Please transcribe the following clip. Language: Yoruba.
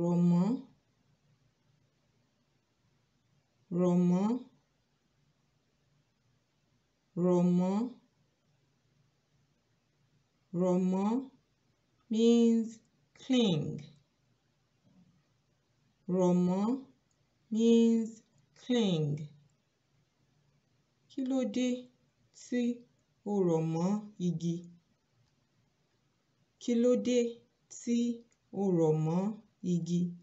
rọ̀mọ́ rọ̀mọ́ rọ̀mọ́ rọ̀mọ́ means cling rọ̀mọ́ means cling kí ló dé tí o rọ̀ mọ́ igi kí ló dé tí o rọ̀ mọ́ Ig